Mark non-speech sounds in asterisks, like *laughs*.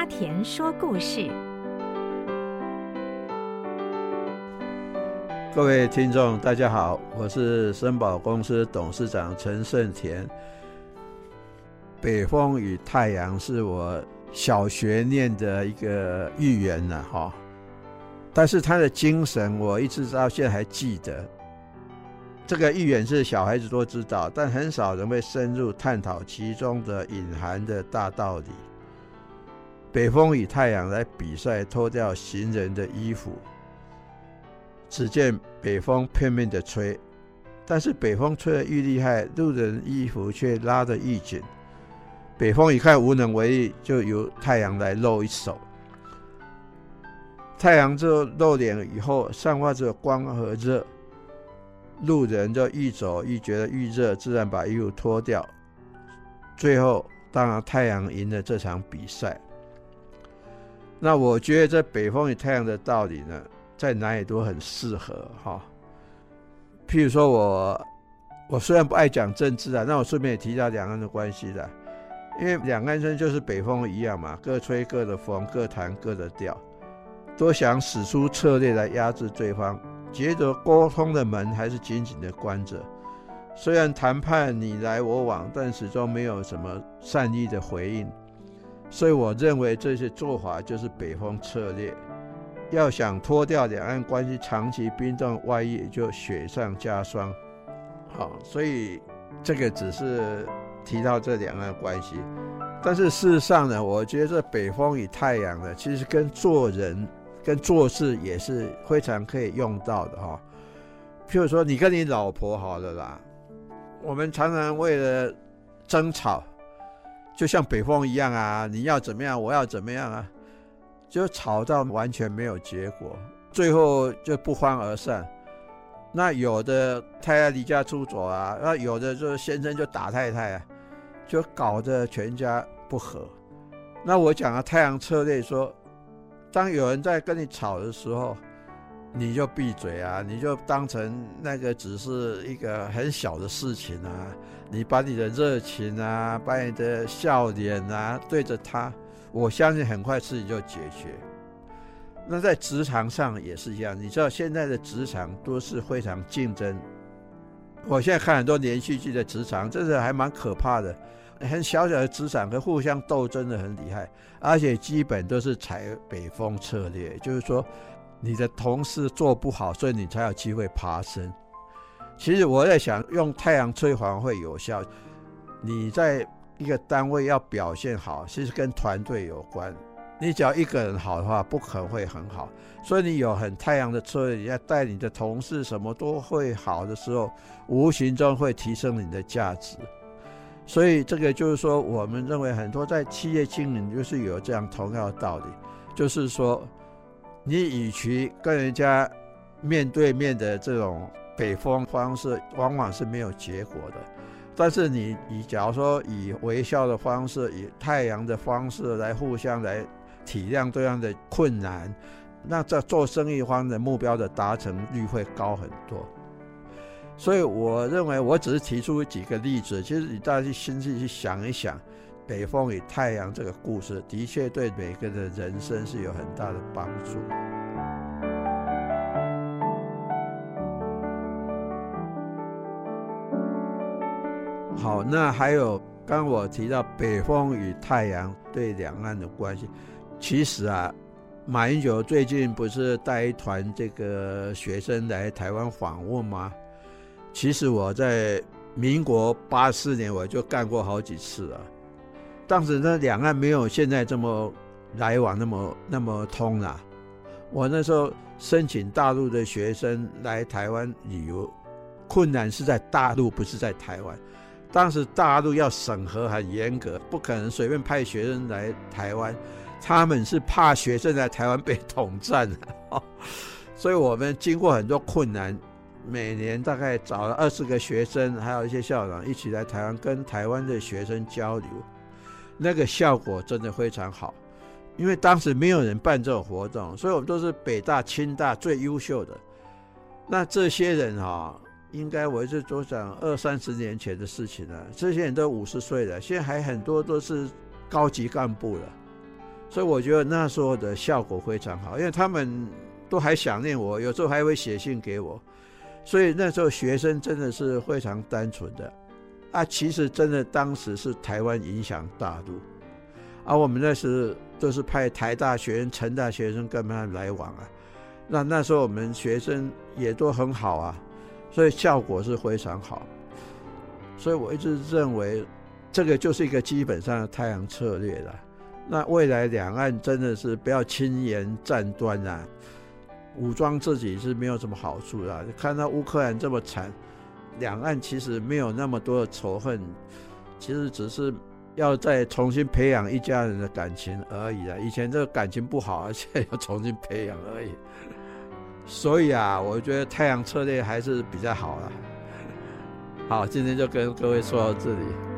阿沺說故事，各位聽眾，大家好，我是森寶公司董事長陳勝田。北風與太陽是我小學念的一個寓言呢，哈，但是他的精神我一直到現在還記得。這個寓言是小孩子都知道，但很少人會深入探討其中的隱含的大道理。北風與太陽來比賽脫掉行人的衣服。只見北風拼命的吹，但是北風吹得愈厲害，路人的衣服卻拉得愈緊。北風一看無能為力，就由太陽來露一手。太陽就露臉了以後，散發着光和熱，路人就愈走愈覺得愈熱，自然把衣服脫掉。最後，當然太陽贏了這場比賽。那我覺得這北風與太陽的道理呢，在南也都很適合哈。譬如說我，我雖然不愛講政治啊，但我順便也提到兩岸的關係啦，因為兩岸爭就是北風一樣嘛，各吹各的風，各彈各的調，都想使出策略來壓制對方，接着溝通的門還是緊緊的關着。雖然談判你來我往，但始終沒有什麼善意的回應。所以我認為這些做法就是北風策略。要想脫掉兩岸關係長期冰凍外衣，萬一就雪上加霜。好，所以這個只是提到這兩岸關係。但是事實上呢，我覺得這北風與太陽呢，其實跟做人、跟做事也是非常可以用到的哈、哦。譬如說，你跟你老婆好了啦，我們常常為了爭吵。就像北風一樣啊，你要怎麼樣，我要怎麼樣啊，就吵到完全沒有結果，最後就不歡而散。那有的太太離家出走啊，那有的就是先生就打太太啊，就搞得全家不和。那我講了太陽策略，說當有人在跟你吵的時候，你就閉嘴啊！你就當成那個只是一個很小的事情啊！你把你的熱情啊，把你的笑臉啊，對着他，我相信很快事情就解決。那在職場上也是一樣，你知道現在的職場都是非常競爭。我現在看很多連續劇的職場，真的還蠻可怕的，很小小的職場，和互相鬥爭的很厲害，而且基本都是採北風策略，就是說。你的同事做不好，所以你才有機會爬升。其實我在想，用太陽催化會有效。你在一個單位要表現好，其實跟團隊有關。你只要一個人好的話，不可能會很好。所以你有很太陽的作用，你要帶你的同事，什麼都會好的時候，無形中會提升你的價值。所以這個就是說，我們認為很多在企業經營就是有這樣同樣的道理，就是說。你與其跟人家面對面的這種北風方式，往往是沒有結果的。但是你以假如說以微笑的方式，以太陽的方式來互相來體諒對方的困難，那在做生意方的目標的達成率會高很多。所以我認為，我只是提出幾個例子，其實你大家先自己去想一想。北風與太陽這個故事的確對每個人的人生是有很大的幫助。好，那還有剛剛我提到北風與太陽對兩岸的關係，其實啊，馬英九最近不是帶一團這個學生來台灣訪問嗎？其實我在民國八四年我就幹過好幾次啊。當時那兩岸沒有現在這麼來往，那麼那麼通了、啊。我那時候申請大陸的學生來台灣旅遊，困難是在大陸，不是在台灣。當時大陸要審核很嚴格，不可能隨便派學生來台灣。他們是怕學生在台灣被統戰、啊， *laughs* 所以我們經過很多困難，每年大概找了二十個學生，還有一些校長一起來台灣跟台灣的學生交流。那個效果真的非常好，因為當時沒有人辦這種活動，所以我們都是北大、清大最優秀的。那這些人啊、哦，應該我一直都講二三十年前的事情了、啊，這些人都五十歲了，現在還很多都是高級幹部了。所以我覺得那時候的效果非常好，因為他們都還想念我，有時候還會寫信給我。所以那時候學生真的是非常單純的。啊，其實真的當時是台灣影響大陸，而、啊、我們那時都是派台大學生、成大學生跟他們來往啊。那那時候我們學生也都很好啊，所以效果是非常好。所以我一直認為，這個就是一個基本上的太陽策略了。那未來兩岸真的是不要輕言戰端啊，武裝自己是沒有什麼好處的、啊。看到烏克蘭這麼慘。兩岸其實沒有那麼多的仇恨，其實只是要再重新培養一家人的感情而已啊，以前這個感情不好，而且要重新培養而已。所以啊，我覺得太陽策略還是比較好了。好，今天就跟各位說到這裡。